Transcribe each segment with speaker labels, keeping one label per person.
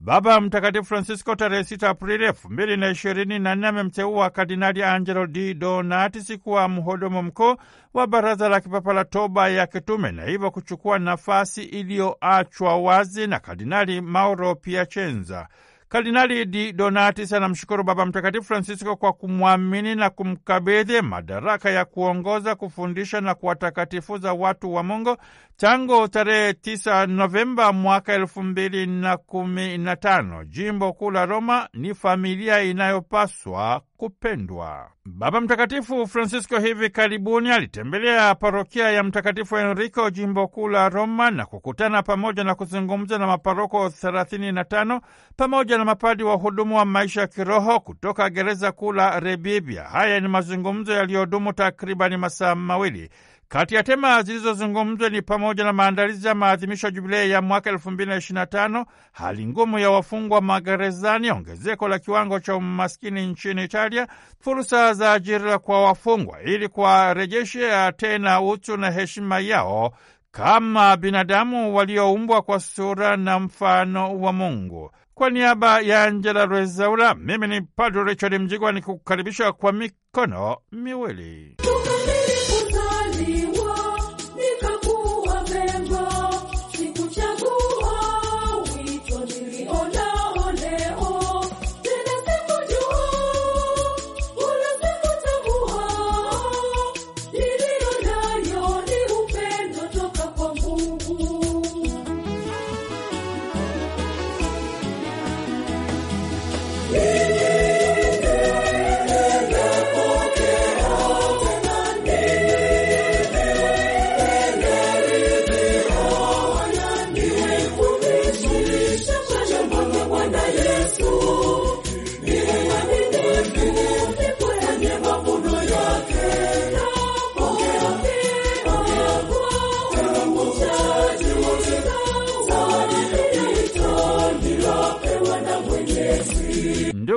Speaker 1: Baba Mtakatifu Francisco tarehe sita Aprili nne amemteua Kardinali Angelo Di Donatis kuwa mhudumu mkuu wa Baraza la Kipapa la Toba ya Kitume na hivyo kuchukua nafasi iliyoachwa wazi na Kardinali Mauro Piacenza. Kardinali Di Donatis anamshukuru Baba Mtakatifu Francisco kwa kumwamini na kumkabidhi madaraka ya kuongoza, kufundisha na kuwatakatifuza watu wa Mungu tangu tarehe 9 Novemba mwaka elfu mbili na kumi na tano. Jimbo kuu la Roma ni familia inayopaswa kupendwa. Baba Mtakatifu Francisco hivi karibuni alitembelea parokia ya Mtakatifu Enrico, jimbo kuu la Roma, na kukutana pamoja na kuzungumza na maparoko 35 pamoja na mapadi wa hudumu wa maisha ya kiroho kutoka gereza kuu la Rebibia. Haya ni mazungumzo yaliyodumu takribani masaa mawili. Kati ya tema zilizozungumzwa ni pamoja na maandalizi ya maadhimisho ya jubilei ya mwaka elfu mbili na tano, hali ngumu ya wafungwa magerezani, ongezeko la kiwango cha umaskini nchini Italia, fursa za ajira kwa wafungwa ili kuwarejeshe tena utu na heshima yao kama binadamu walioumbwa kwa sura na mfano wa Mungu. Kwa niaba ya Angela Rwezaula, mimi ni Padre Richard Mjigwa, ni kukaribisha kwa mikono miwili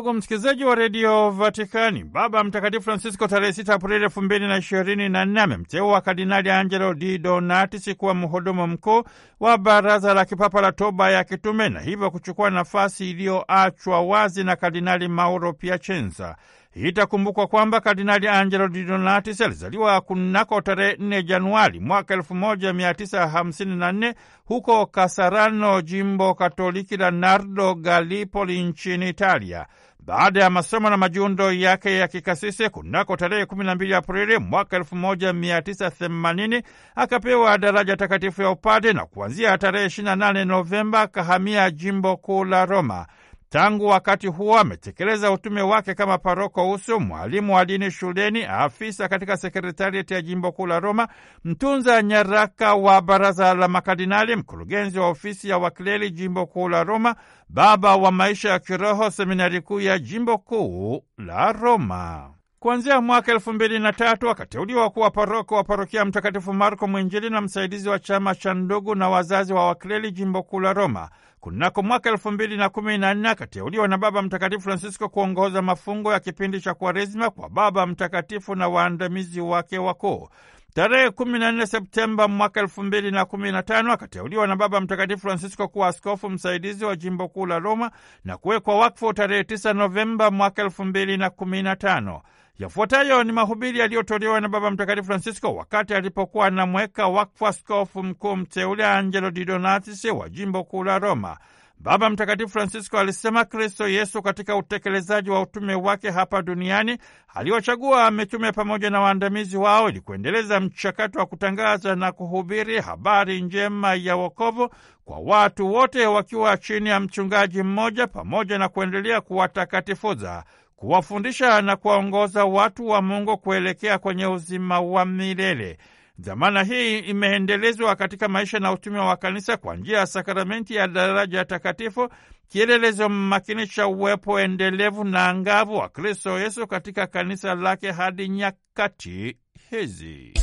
Speaker 1: Ndugu msikilizaji wa redio Vatikani, Baba Mtakatifu Francisco tarehe 6 Aprili elfu mbili na ishirini na nne amemteua Kardinali Angelo Di Donatis kuwa mhudumu mkuu wa Baraza la Kipapa la Toba ya Kitume na hivyo kuchukua nafasi iliyoachwa wazi na Kardinali Mauro Piacenza. Itakumbukwa kwamba Kardinali Angelo Di Donatis alizaliwa kunako tarehe 4 Januari mwaka 1954 huko Kasarano, jimbo katoliki la Nardo Gallipoli nchini Italia baada ya masomo na majundo yake ya kikasisi kunako tarehe 12 Aprili mwaka 1980 akapewa daraja takatifu ya upadi na kuanzia tarehe 28 Novemba akahamia jimbo kuu la Roma. Tangu wakati huo ametekeleza utume wake kama paroko usu, mwalimu wa dini shuleni, afisa katika sekretarieti ya jimbo kuu la Roma, mtunza nyaraka wa baraza la makardinali, mkurugenzi wa ofisi ya wakleri jimbo kuu la Roma, baba wa maisha ya kiroho seminari kuu ya jimbo kuu la Roma. Kuanzia mwaka elfu mbili na tatu akateuliwa kuwa paroko wa parokia Mtakatifu Marko Mwinjili na msaidizi wa chama cha ndugu na wazazi wa wakleli jimbo kuu la Roma. Kunako mwaka elfu mbili na kumi na nne akateuliwa na Baba Mtakatifu Francisco kuongoza mafungo ya kipindi cha Kwaresima kwa Baba Mtakatifu na waandamizi wake wakuu. Tarehe 14 Septemba mwaka 2015 akateuliwa na Baba Mtakatifu Francisco kuwa askofu msaidizi wa jimbo kuu la Roma na kuwekwa wakfu tarehe 9 Novemba mwaka 2015. Yafuatayo ni mahubiri yaliyotolewa na Baba Mtakatifu Francisco wakati alipokuwa anamweka wakfu askofu mkuu mteule Angelo Di Donatis wa jimbo kuu la Roma. Baba Mtakatifu Francisco alisema Kristo Yesu katika utekelezaji wa utume wake hapa duniani aliwachagua mitume pamoja na waandamizi wao ili kuendeleza mchakato wa kutangaza na kuhubiri habari njema ya wokovu kwa watu wote wakiwa chini ya mchungaji mmoja pamoja na kuendelea kuwatakatifuza kuwafundisha na kuwaongoza watu wa Mungu kuelekea kwenye uzima wa milele. Dhamana hii imeendelezwa katika maisha na utume wa kanisa kwa njia ya sakramenti ya daraja takatifu, kielelezo makini cha uwepo endelevu na angavu wa Kristo Yesu katika kanisa lake hadi nyakati hizi.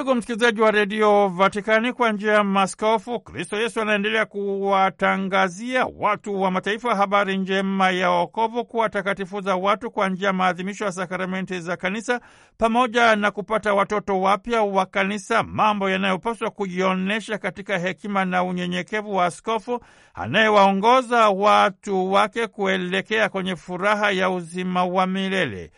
Speaker 1: Ndugu msikilizaji wa redio Vatikani, kwa njia ya maskofu, Kristo Yesu anaendelea kuwatangazia watu wa mataifa habari njema ya wokovu, kuwatakatifuza watu kwa njia ya maadhimisho ya sakramenti za kanisa, pamoja na kupata watoto wapya wa kanisa, mambo yanayopaswa kujionyesha katika hekima na unyenyekevu wa askofu anayewaongoza watu wake kuelekea kwenye furaha ya uzima wa milele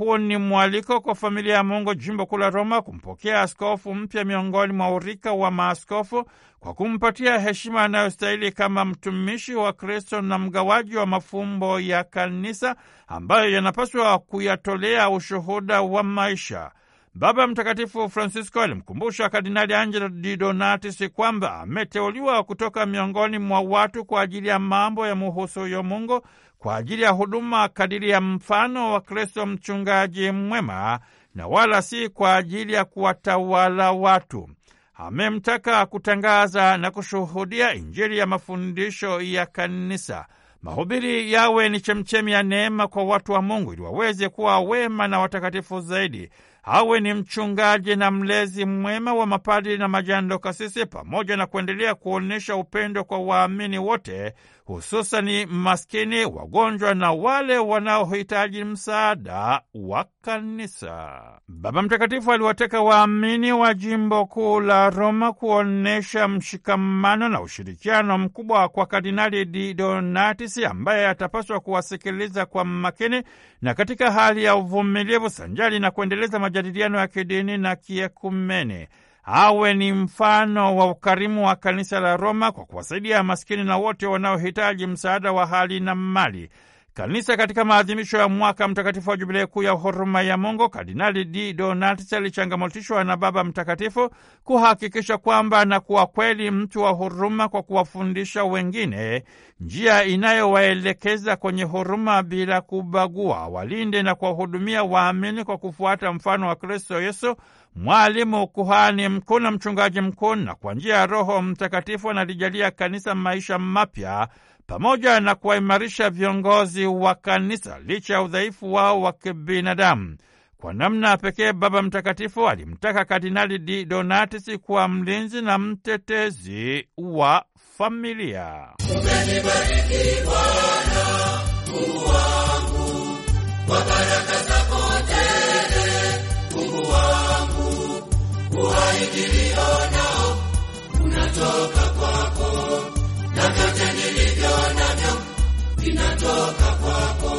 Speaker 1: huu ni mwaliko kwa familia ya Mungu jimbo kuu la Roma kumpokea askofu mpya miongoni mwa urika wa maaskofu kwa kumpatia heshima anayostahili kama mtumishi wa Kristo na mgawaji wa mafumbo ya kanisa ambayo yanapaswa kuyatolea ushuhuda wa maisha. Baba Mtakatifu Francisco alimkumbusha Kardinali Angelo Di Donatis kwamba ameteuliwa kutoka miongoni mwa watu kwa ajili ya mambo ya muhusuyo Mungu, kwa ajili ya huduma kadiri ya mfano wa Kristo mchungaji mwema, na wala si kwa ajili ya kuwatawala watu. Amemtaka kutangaza na kushuhudia Injili ya mafundisho ya Kanisa. Mahubiri yawe ni chemchemi ya neema kwa watu wa Mungu ili waweze kuwa wema na watakatifu zaidi awe ni mchungaji na mlezi mwema wa mapadri na majando kasisi, pamoja na kuendelea kuonyesha upendo kwa waamini wote hususani maskini, wagonjwa na wale wanaohitaji msaada wa kanisa. Baba Mtakatifu aliwateka waamini wa jimbo kuu la Roma kuonyesha mshikamano na ushirikiano mkubwa kwa Kardinali Di Donatis ambaye atapaswa kuwasikiliza kwa makini na katika hali ya uvumilivu sanjali na kuendeleza majadiliano ya kidini na kiekumene awe ni mfano wa ukarimu wa kanisa la Roma kwa kuwasaidia maskini na wote wanaohitaji msaada wa hali na mali. Kanisa katika maadhimisho ya mwaka mtakatifu wa jubilei kuu ya huruma ya Mungu, Kardinali D donatis alichangamotishwa na Baba Mtakatifu kuhakikisha kwamba anakuwa kweli mtu wa huruma kwa kuwafundisha wengine njia inayowaelekeza kwenye huruma bila kubagua. Walinde na kuwahudumia waamini kwa kufuata mfano wa Kristo Yesu mwalimu, kuhani mkuu na mchungaji mkuu, na kwa njia ya Roho Mtakatifu analijalia kanisa maisha mapya pamoja na kuwaimarisha viongozi wa kanisa licha ya udhaifu wao wa kibinadamu. Kwa namna pekee Baba Mtakatifu alimtaka Kardinali Di Donatis kuwa mlinzi na mtetezi wa familia.
Speaker 2: Umenibariki Bwana, Mungu
Speaker 3: wangu, kwa baraka uhai nilionao unatoka kwako, na vyote nilivyo navyo vinatoka kwako.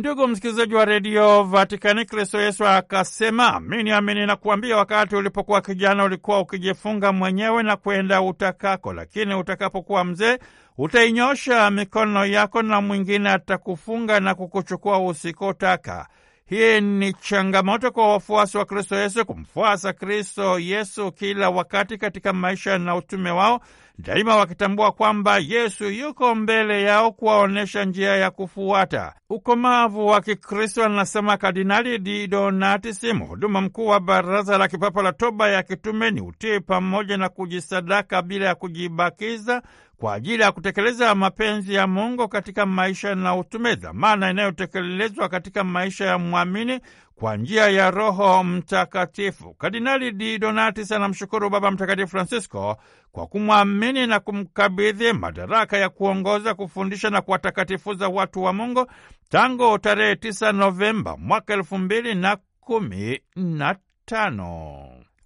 Speaker 1: Ndugu msikilizaji wa redio Vatikani, Kristo Yesu akasema, amini amini nakuambia, wakati ulipokuwa kijana ulikuwa ukijifunga mwenyewe na kwenda utakako, lakini utakapokuwa mzee utainyosha mikono yako na mwingine atakufunga na kukuchukua usikotaka. Hii ni changamoto kwa wafuasi wa Kristo Yesu kumfuasa Kristo Yesu kila wakati katika maisha na utume wao daima wakitambua kwamba Yesu yuko mbele yao kuwaonyesha njia ya kufuata. Ukomavu wa Kikristo, anasema Kardinali Di Donati muhuduma mkuu wa Baraza la Kipapa la Toba ya Kitume, ni utii pamoja na kujisadaka bila ya kujibakiza kwa ajili ya kutekeleza mapenzi ya Mungu katika maisha na utume, dhamana inayotekelezwa katika maisha ya mwamini kwa njia ya Roho Mtakatifu. Kardinali Di Donatis anamshukuru Baba Mtakatifu Francisco kwa kumwamini na kumkabidhi madaraka ya kuongoza, kufundisha na kuwatakatifuza watu wa Mungu tangu tarehe 9 Novemba mwaka elfu mbili na kumi na tano.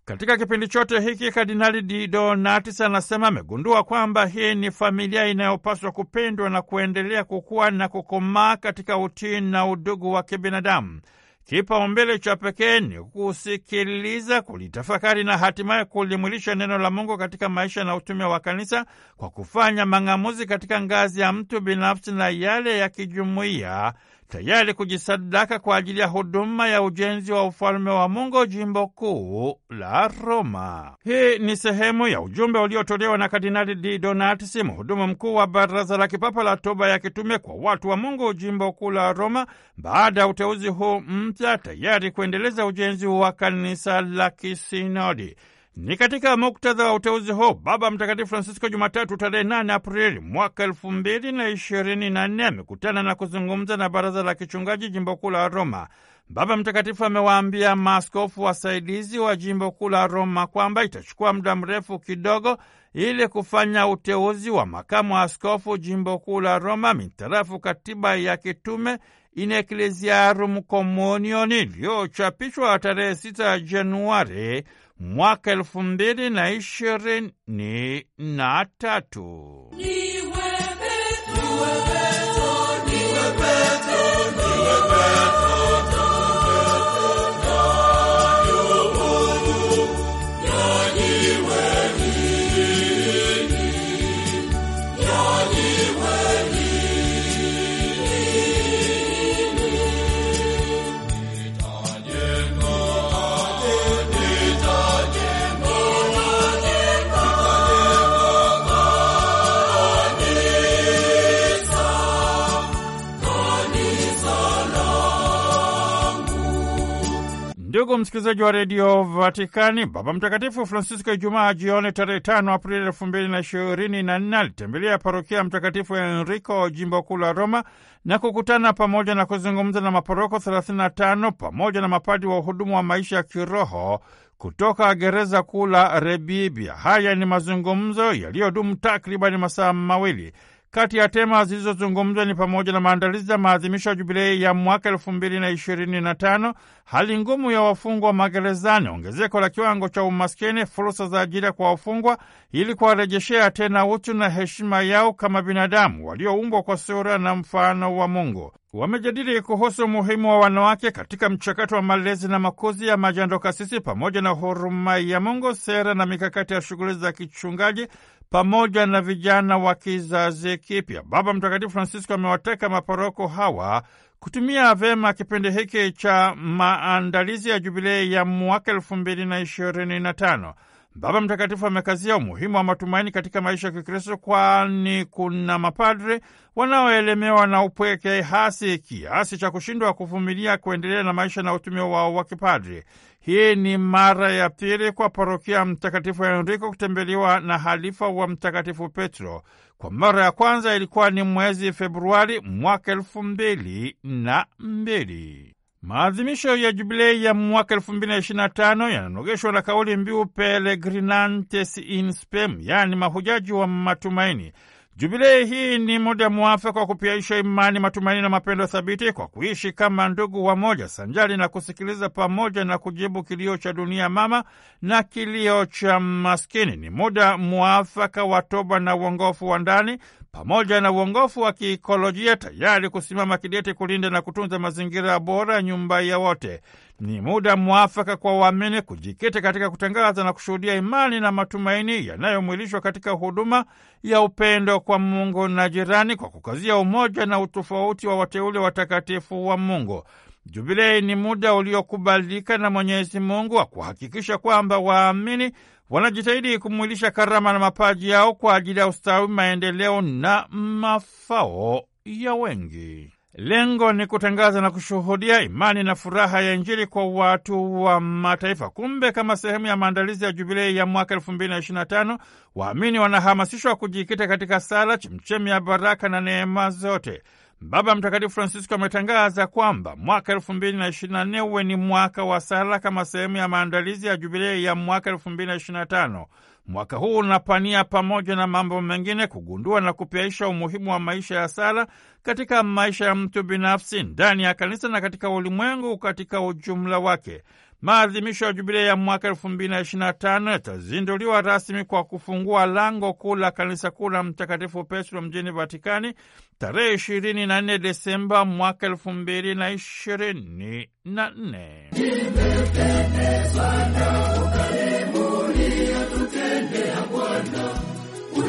Speaker 1: Katika kipindi chote hiki Kardinali Didonatis anasema amegundua kwamba hii ni familia inayopaswa kupendwa na kuendelea kukua na kukomaa katika utii na udugu wa kibinadamu. Kipaumbele cha pekee ni kusikiliza,
Speaker 2: kulitafakari
Speaker 1: na hatimaye kulimwilisha neno la Mungu katika maisha na utume wa kanisa kwa kufanya mang'amuzi katika ngazi ya mtu binafsi na yale ya kijumuiya tayari kujisadaka kwa ajili ya huduma ya ujenzi wa ufalme wa Mungu, jimbo kuu la Roma. Hii ni sehemu ya ujumbe uliotolewa na Kardinali Di donats mhudumu mkuu wa Baraza la Kipapa la Toba ya Kitume kwa watu wa Mungu, jimbo kuu la Roma, baada ya uteuzi huu mpya, tayari kuendeleza ujenzi wa kanisa la kisinodi. Ni katika muktadha wa uteuzi huo, Baba Mtakatifu Francisco Jumatatu tarehe 8 Aprili mwaka elfu mbili na ishirini na nne amekutana na kuzungumza na baraza la kichungaji jimbo kuu la Roma. Baba Mtakatifu amewaambia maaskofu wasaidizi wa jimbo kuu la Roma kwamba itachukua muda mrefu kidogo ili kufanya uteuzi wa makamu askofu jimbo kuu la Roma mitarafu katiba ya kitume in Ecclesiarum Communioni iliyochapishwa tarehe sita Januari mwaka elfu mbili na ishirini na tatu. Ndugu msikilizaji wa redio Vatikani, Baba Mtakatifu Francisco Ijumaa jioni tarehe tano Aprili elfu mbili na ishirini na nne alitembelea parokia Mtakatifu Enrico jimbo kuu la Roma na kukutana pamoja na kuzungumza na maporoko 35 pamoja na mapadi wa uhudumu wa maisha ya kiroho kutoka gereza kuu la Rebibia. Haya ni mazungumzo yaliyodumu takribani masaa mawili. Kati ya tema zilizozungumzwa ni pamoja na maandalizi ya maadhimisho ya jubilei ya mwaka elfu mbili na ishirini na tano, hali ngumu ya wafungwa magerezani, ongezeko la kiwango cha umaskini, fursa za ajira kwa wafungwa ili kuwarejeshea tena utu na heshima yao kama binadamu walioumbwa kwa sura na mfano wa Mungu. Wamejadili kuhusu umuhimu wa wanawake katika mchakato wa malezi na makuzi ya majando kasisi, pamoja na huruma ya Mungu, sera na mikakati ya shughuli za kichungaji pamoja na vijana wa kizazi kipya. Baba Mtakatifu Francisco amewateka maporoko hawa kutumia vyema kipindi hiki cha maandalizi ya jubilei ya mwaka elfu mbili na ishirini na tano. Baba Mtakatifu amekazia umuhimu wa matumaini katika maisha ya Kikristo, kwani kuna mapadre wanaoelemewa na upweke hasi kiasi cha kushindwa kuvumilia kuendelea na maisha na utumia wao wa kipadre. Hii ni mara ya pili kwa parokia Mtakatifu Henriko kutembeliwa na halifa wa Mtakatifu Petro. Kwa mara ya kwanza ilikuwa ni mwezi Februari mwaka elfu mbili na mbili. Maadhimisho ya jubilei ya mwaka elfu mbili na ishirini na tano yananogeshwa na kauli mbiu pelegrinantes in Spem, yaani mahujaji wa matumaini. Jubilei hii ni muda mwafaka wa kupiaisha imani, matumaini na mapendo thabiti kwa kuishi kama ndugu wamoja, sanjari na kusikiliza pamoja na kujibu kilio cha dunia mama na kilio cha maskini. Ni muda mwafaka wa toba na uongofu wa ndani pamoja na uongofu wa kiikolojia, tayari kusimama kidete kulinda na kutunza mazingira bora, nyumba ya wote ni muda mwafaka kwa waamini kujikita katika kutangaza na kushuhudia imani na matumaini yanayomwilishwa katika huduma ya upendo kwa Mungu na jirani kwa kukazia umoja na utofauti wa wateule watakatifu wa Mungu. Jubilei ni muda uliokubalika na Mwenyezi Mungu wa kuhakikisha kwamba waamini wanajitahidi kumwilisha karama na mapaji yao kwa ajili ya ustawi, maendeleo na mafao ya wengi. Lengo ni kutangaza na kushuhudia imani na furaha ya Injili kwa watu wa mataifa. Kumbe, kama sehemu ya maandalizi ya jubilei ya mwaka elfu mbili na na tano, waamini wanahamasishwa kujikita katika sala, chemchemi ya baraka na neema zote. Baba Mtakatifu Francisco ametangaza kwamba mwaka elfu mbili na na nne uwe ni mwaka wa sala kama sehemu ya maandalizi ya jubilei ya mwaka elfu mbili na na tano. Mwaka huu unapania pamoja na mambo mengine kugundua na kupiaisha umuhimu wa maisha ya sala katika maisha ya mtu binafsi, ndani ya kanisa na katika ulimwengu katika ujumla wake. Maadhimisho ya jubilei ya mwaka elfu mbili na ishirini na tano yatazinduliwa rasmi kwa kufungua lango kuu la kanisa kuu la Mtakatifu Petro mjini Vatikani tarehe ishirini na nne Desemba mwaka elfu mbili na ishirini na nne.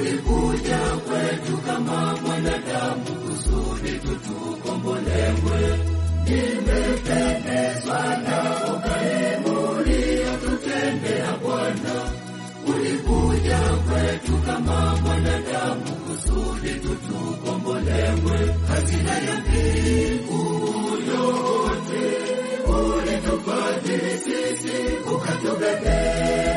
Speaker 3: Ulikuja kwetu kama mwanadamu kusudi tutukombolewe. Nimependezwa na ukarimu uliotutendea Bwana. Ulikuja kwetu kama mwanadamu kusudi tutukombolewe. Hazina ya mbingu yote ulitupatia sisi, ukatubebea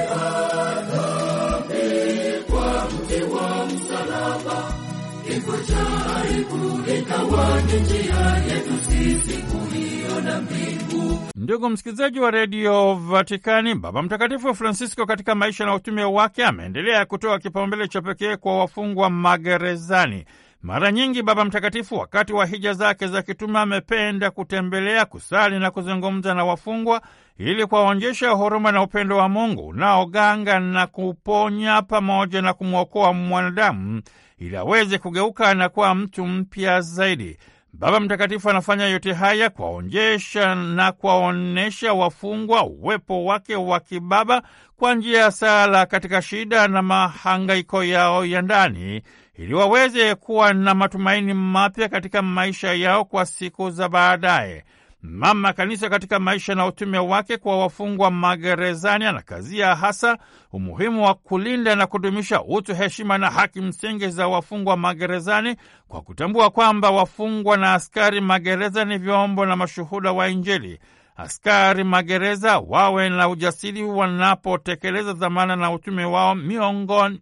Speaker 1: Ndugu msikilizaji wa redio Vatikani, Baba Mtakatifu Francisco katika maisha na utume wake ameendelea kutoa kipaumbele cha pekee kwa wafungwa magerezani. Mara nyingi Baba Mtakatifu wakati wa hija zake za kitume amependa kutembelea, kusali na kuzungumza na wafungwa ili kuwaonyesha huruma na upendo wa Mungu unaoganga na kuponya pamoja na kumwokoa mwanadamu ili aweze kugeuka na kuwa mtu mpya zaidi. Baba Mtakatifu anafanya yote haya kuwaonjesha na kuwaonyesha wafungwa uwepo wake wa kibaba kwa njia ya sala katika shida na mahangaiko yao ya ndani ili waweze kuwa na matumaini mapya katika maisha yao kwa siku za baadaye. Mama Kanisa katika maisha na utume wake kwa wafungwa magerezani anakazia hasa umuhimu wa kulinda na kudumisha utu, heshima na haki msingi za wafungwa magerezani kwa kutambua kwamba wafungwa na askari magereza ni vyombo na mashuhuda wa Injili askari magereza wawe na ujasiri wanapotekeleza dhamana na utume wao miongoni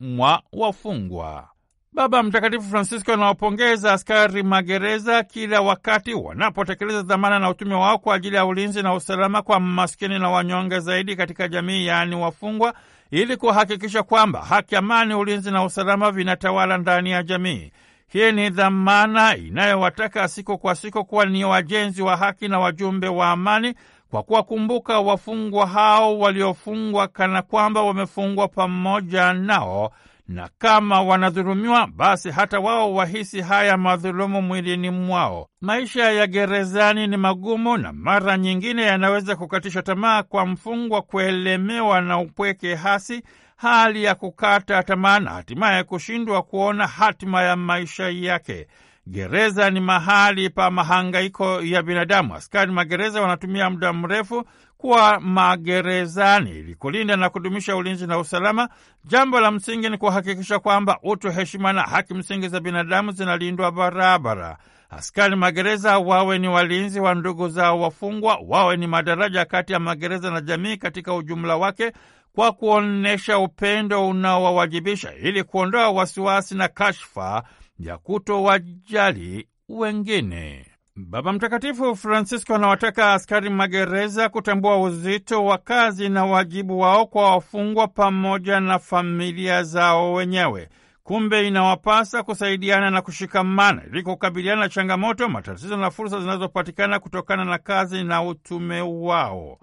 Speaker 1: mwa wafungwa. Baba Mtakatifu Francisco anawapongeza askari magereza kila wakati wanapotekeleza dhamana na utume wao kwa ajili ya ulinzi na usalama kwa maskini na wanyonge zaidi katika jamii, yaani wafungwa, ili kuhakikisha kwamba haki, amani, ulinzi na usalama vinatawala ndani ya jamii. Hii ni dhamana inayowataka siku kwa siku kuwa ni wajenzi wa haki na wajumbe wa amani, kwa kuwakumbuka wafungwa hao waliofungwa kana kwamba wamefungwa pamoja nao, na kama wanadhulumiwa, basi hata wao wahisi haya madhulumu mwilini mwao. Maisha ya gerezani ni magumu na mara nyingine yanaweza kukatisha tamaa kwa mfungwa, kuelemewa na upweke hasi hali ya kukata tamaa na hatimaye kushindwa kuona hatima ya maisha yake. Gereza ni mahali pa mahangaiko ya binadamu. Askari magereza wanatumia muda mrefu kuwa magerezani ili kulinda na kudumisha ulinzi na usalama. Jambo la msingi ni kuhakikisha kwamba utu, heshima na haki msingi za binadamu zinalindwa barabara. Askari magereza wawe ni walinzi wa ndugu zao wafungwa, wawe ni madaraja kati ya magereza na jamii katika ujumla wake, kwa kuonyesha upendo unaowawajibisha ili kuondoa wasiwasi na kashfa ya kutowajali wengine. Baba Mtakatifu Francisco anawataka askari magereza kutambua uzito wa kazi na wajibu wao kwa wafungwa pamoja na familia zao wenyewe. Kumbe inawapasa kusaidiana na kushikamana ili kukabiliana na changamoto, matatizo na fursa zinazopatikana kutokana na kazi na utume wao.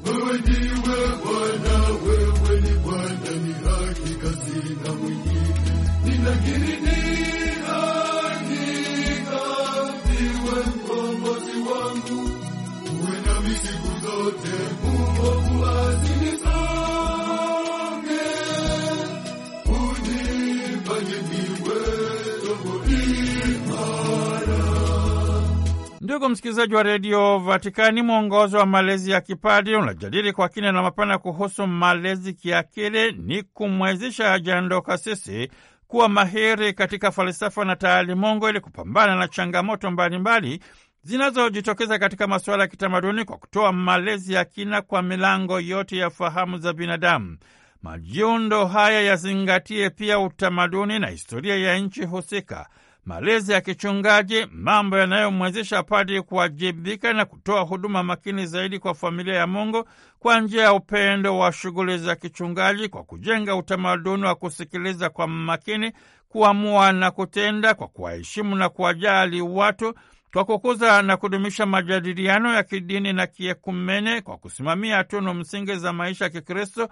Speaker 1: Ndugu msikilizaji wa redio Vatikani, mwongozo wa malezi ya kipadi unajadili kwa kina na mapana kuhusu malezi kiakili, ni kumwezesha jando kasisi kuwa mahiri katika falsafa na taalimungu ili kupambana na changamoto mbalimbali zinazojitokeza katika masuala ya kitamaduni kwa kutoa malezi ya kina kwa milango yote ya fahamu za binadamu. Majiundo haya yazingatie pia utamaduni na historia ya nchi husika malezi ya kichungaji, mambo yanayomwezesha padri kuwajibika na kutoa huduma makini zaidi kwa familia ya Mungu kwa njia ya upendo wa shughuli za kichungaji, kwa kujenga utamaduni wa kusikiliza kwa makini, kuamua na kutenda, kwa kuwaheshimu na kuwajali watu, kwa kukuza na kudumisha majadiliano ya kidini na kiekumene, kwa kusimamia tunu msingi za maisha ya Kikristo,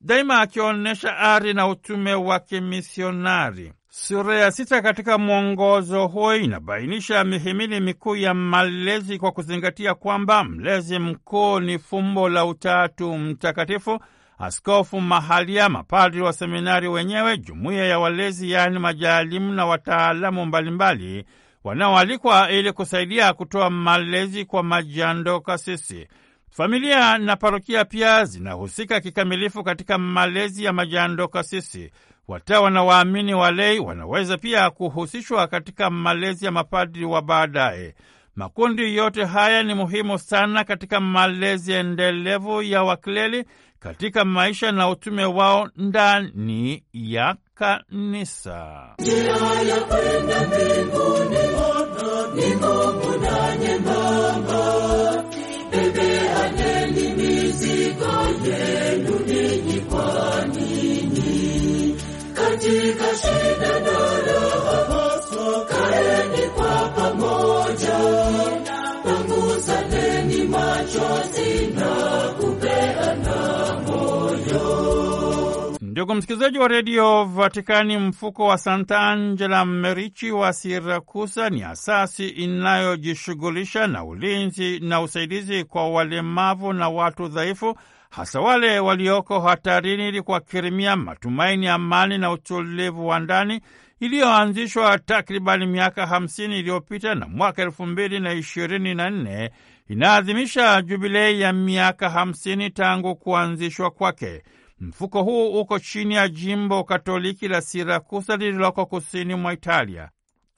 Speaker 1: daima akionyesha ari na utume wa kimisionari. Sura ya sita katika mwongozo huo inabainisha mihimili mikuu ya malezi kwa kuzingatia kwamba mlezi mkuu ni fumbo la Utatu Mtakatifu, askofu mahalia, mapadri wa seminari wenyewe, jumuiya ya walezi, yaani majaalimu na wataalamu mbalimbali wanaoalikwa ili kusaidia kutoa malezi kwa majando kasisi. Familia na parokia pia zinahusika kikamilifu katika malezi ya majando kasisi. Watawa na waamini walei wanaweza pia kuhusishwa katika malezi ya mapadri wa baadaye. Makundi yote haya ni muhimu sana katika malezi endelevu ya wakleli katika maisha na utume wao ndani ya kanisa.
Speaker 3: Njia ya
Speaker 1: Ndugu msikilizaji wa redio Vatikani, mfuko wa Santa Angela Merichi wa Sirakusa ni asasi inayojishughulisha na ulinzi na usaidizi kwa walemavu na watu dhaifu, hasa wale walioko hatarini, ili kuwakirimia matumaini, amani na utulivu wa ndani, iliyoanzishwa takribani miaka hamsini iliyopita na mwaka elfu mbili na ishirini na nne inaadhimisha jubilei ya miaka hamsini tangu kuanzishwa kwake. Mfuko huu uko chini ya jimbo Katoliki la Sirakusa lililoko kusini mwa Italia.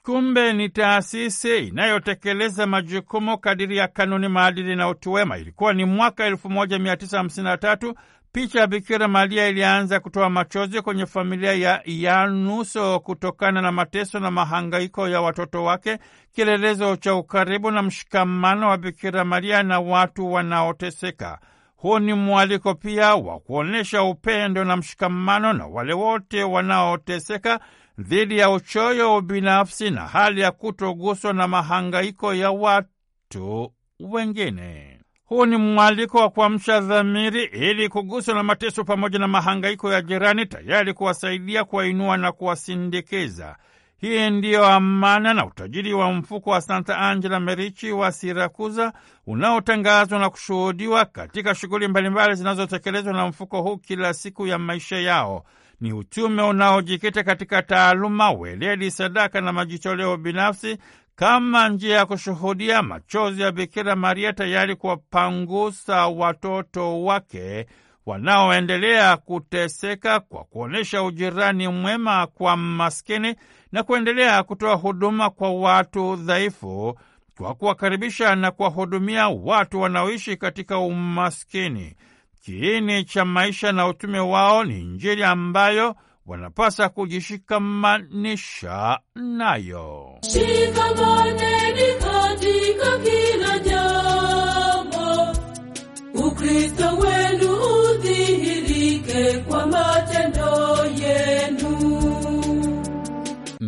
Speaker 1: Kumbe ni taasisi inayotekeleza majukumu kadiri ya kanuni, maadili na utu wema. Ilikuwa ni mwaka 1953 picha ya Bikira Maria ilianza kutoa machozi kwenye familia ya Yanuso kutokana na mateso na mahangaiko ya watoto wake, kielelezo cha ukaribu na mshikamano wa Bikira Maria na watu wanaoteseka. Huu ni mwaliko pia wa kuonyesha upendo na mshikamano na wale wote wanaoteseka dhidi ya uchoyo, ubinafsi na hali ya kutoguswa na mahangaiko ya watu wengine. Huu ni mwaliko wa kuamsha dhamiri ili kuguswa na mateso pamoja na mahangaiko ya jirani, tayari kuwasaidia, kuwainua na kuwasindikiza. Hii ndiyo amana na utajiri wa mfuko wa Santa Angela Merichi wa Sirakuza unaotangazwa na kushuhudiwa katika shughuli mbalimbali zinazotekelezwa na mfuko huu kila siku ya maisha yao. Ni utume unaojikita katika taaluma, weledi, sadaka na majitoleo binafsi kama njia ya kushuhudia machozi ya Bikira Maria, tayari kuwapangusa watoto wake wanaoendelea kuteseka kwa kuonyesha ujirani mwema kwa maskini na kuendelea kutoa huduma kwa watu dhaifu kwa kuwakaribisha na kuwahudumia watu wanaoishi katika umaskini. Kiini cha maisha na utume wao ni Injili ambayo wanapasa kujishikamanisha nayo.
Speaker 3: Shikamaneni katika kila jambo, Ukristo wenu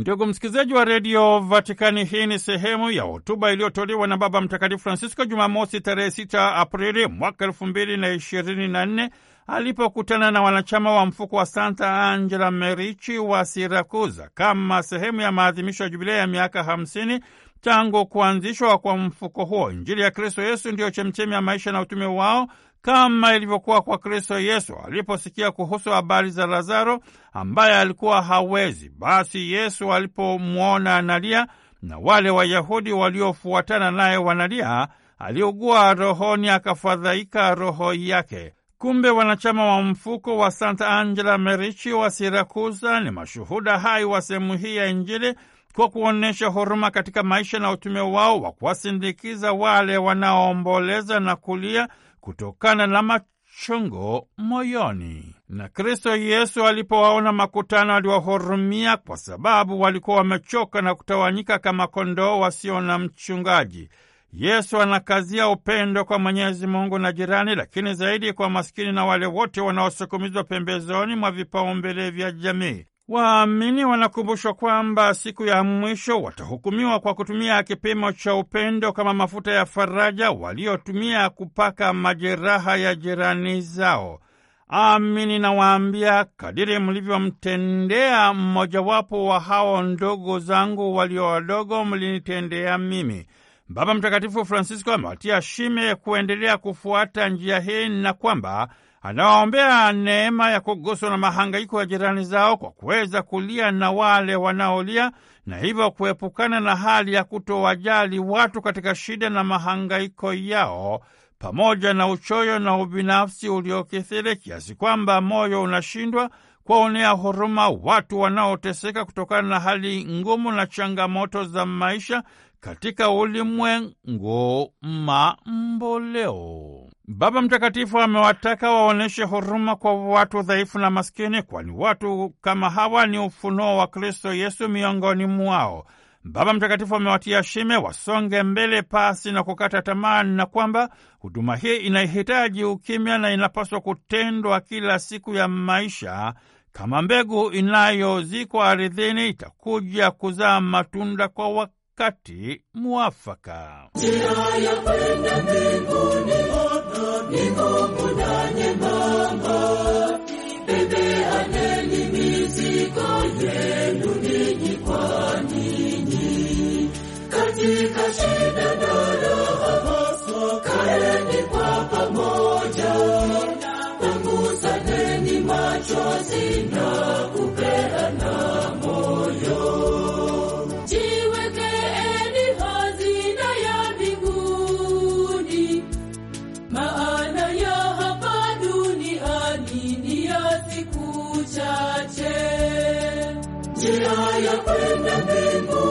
Speaker 1: Ndugu msikilizaji wa redio Vatikani, hii ni sehemu ya hotuba iliyotolewa na Baba Mtakatifu Francisco Jumamosi tarehe 6 Aprili mwaka elfu mbili na ishirini na nne alipokutana na wanachama wa mfuko wa Santa Angela Merici wa Sirakuza kama sehemu ya maadhimisho ya jubilea ya miaka hamsini tangu kuanzishwa kwa mfuko huo. Injili ya Kristo Yesu ndiyo chemchemi ya maisha na utume wao kama ilivyokuwa kwa Kristo Yesu aliposikia kuhusu habari za Lazaro ambaye alikuwa hawezi. Basi Yesu alipomwona analia na wale Wayahudi waliofuatana naye wanalia, aliugua rohoni, akafadhaika roho yake. Kumbe wanachama wa mfuko wa Santa Angela merichi wa Sirakuza ni mashuhuda hai wa sehemu hii ya Injili kwa kuonyesha huruma katika maisha na utume wao wa kuwasindikiza wale wanaoomboleza na kulia kutokana na machungu moyoni. Na Kristo Yesu alipowaona makutano, aliwahurumia kwa sababu walikuwa wamechoka na kutawanyika kama kondoo wasio na mchungaji. Yesu anakazia upendo kwa Mwenyezi Mungu na jirani, lakini zaidi kwa maskini na wale wote wanaosukumizwa pembezoni mwa vipaumbele vya jamii. Waamini wanakumbushwa kwamba siku ya mwisho watahukumiwa kwa kutumia kipimo cha upendo kama mafuta ya faraja waliotumia kupaka majeraha ya jirani zao. Amini nawaambia, kadiri mlivyomtendea mmojawapo wa hao ndugu zangu walio wadogo, mlinitendea mimi. Baba Mtakatifu Francisco amewatia shime kuendelea kufuata njia hii na kwamba anaombea neema ya kuguswa na mahangaiko ya jirani zao kwa kuweza kulia na wale wanaolia na hivyo kuepukana na hali ya kutowajali watu katika shida na mahangaiko yao pamoja na uchoyo na ubinafsi uliokithiri kiasi kwamba moyo unashindwa kuwaonea huruma watu wanaoteseka kutokana na hali ngumu na changamoto za maisha katika ulimwengu mamboleo Baba Mtakatifu amewataka waonyeshe huruma kwa watu dhaifu na maskini, kwani watu kama hawa ni ufunuo wa Kristo Yesu miongoni mwao. Baba Mtakatifu amewatia shime wasonge mbele pasi na kukata tamaa, na kwamba huduma hii inahitaji ukimya na inapaswa kutendwa kila siku ya maisha. Kama mbegu inayozikwa ardhini, itakuja kuzaa matunda kwa wakati wakati mwafaka.
Speaker 3: na mbingu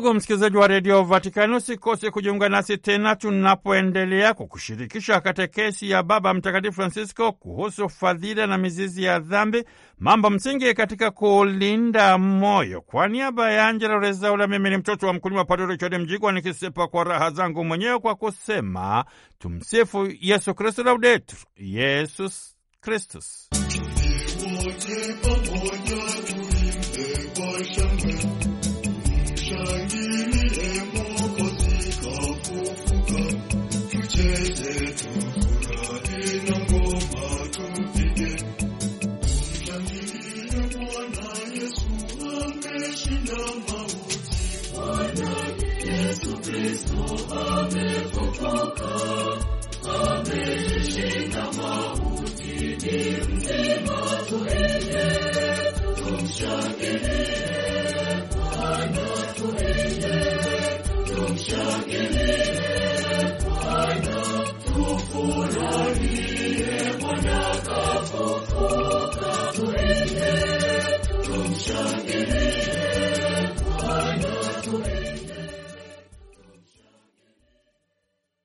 Speaker 1: Ndugu msikilizaji wa redio Vatikani, usikose kujiunga nasi tena tunapoendelea kukushirikisha katekesi ya Baba Mtakatifu Francisco kuhusu fadhila na mizizi ya dhambi, mambo msingi katika kulinda moyo. Kwa niaba ya Angela Rezaula, mimi ni mtoto wa mkulima Padre Richard Mjigwa, nikisepa kwa raha zangu mwenyewe kwa kusema tumsifu Yesu Kristu, laudetur Yesus Kristus.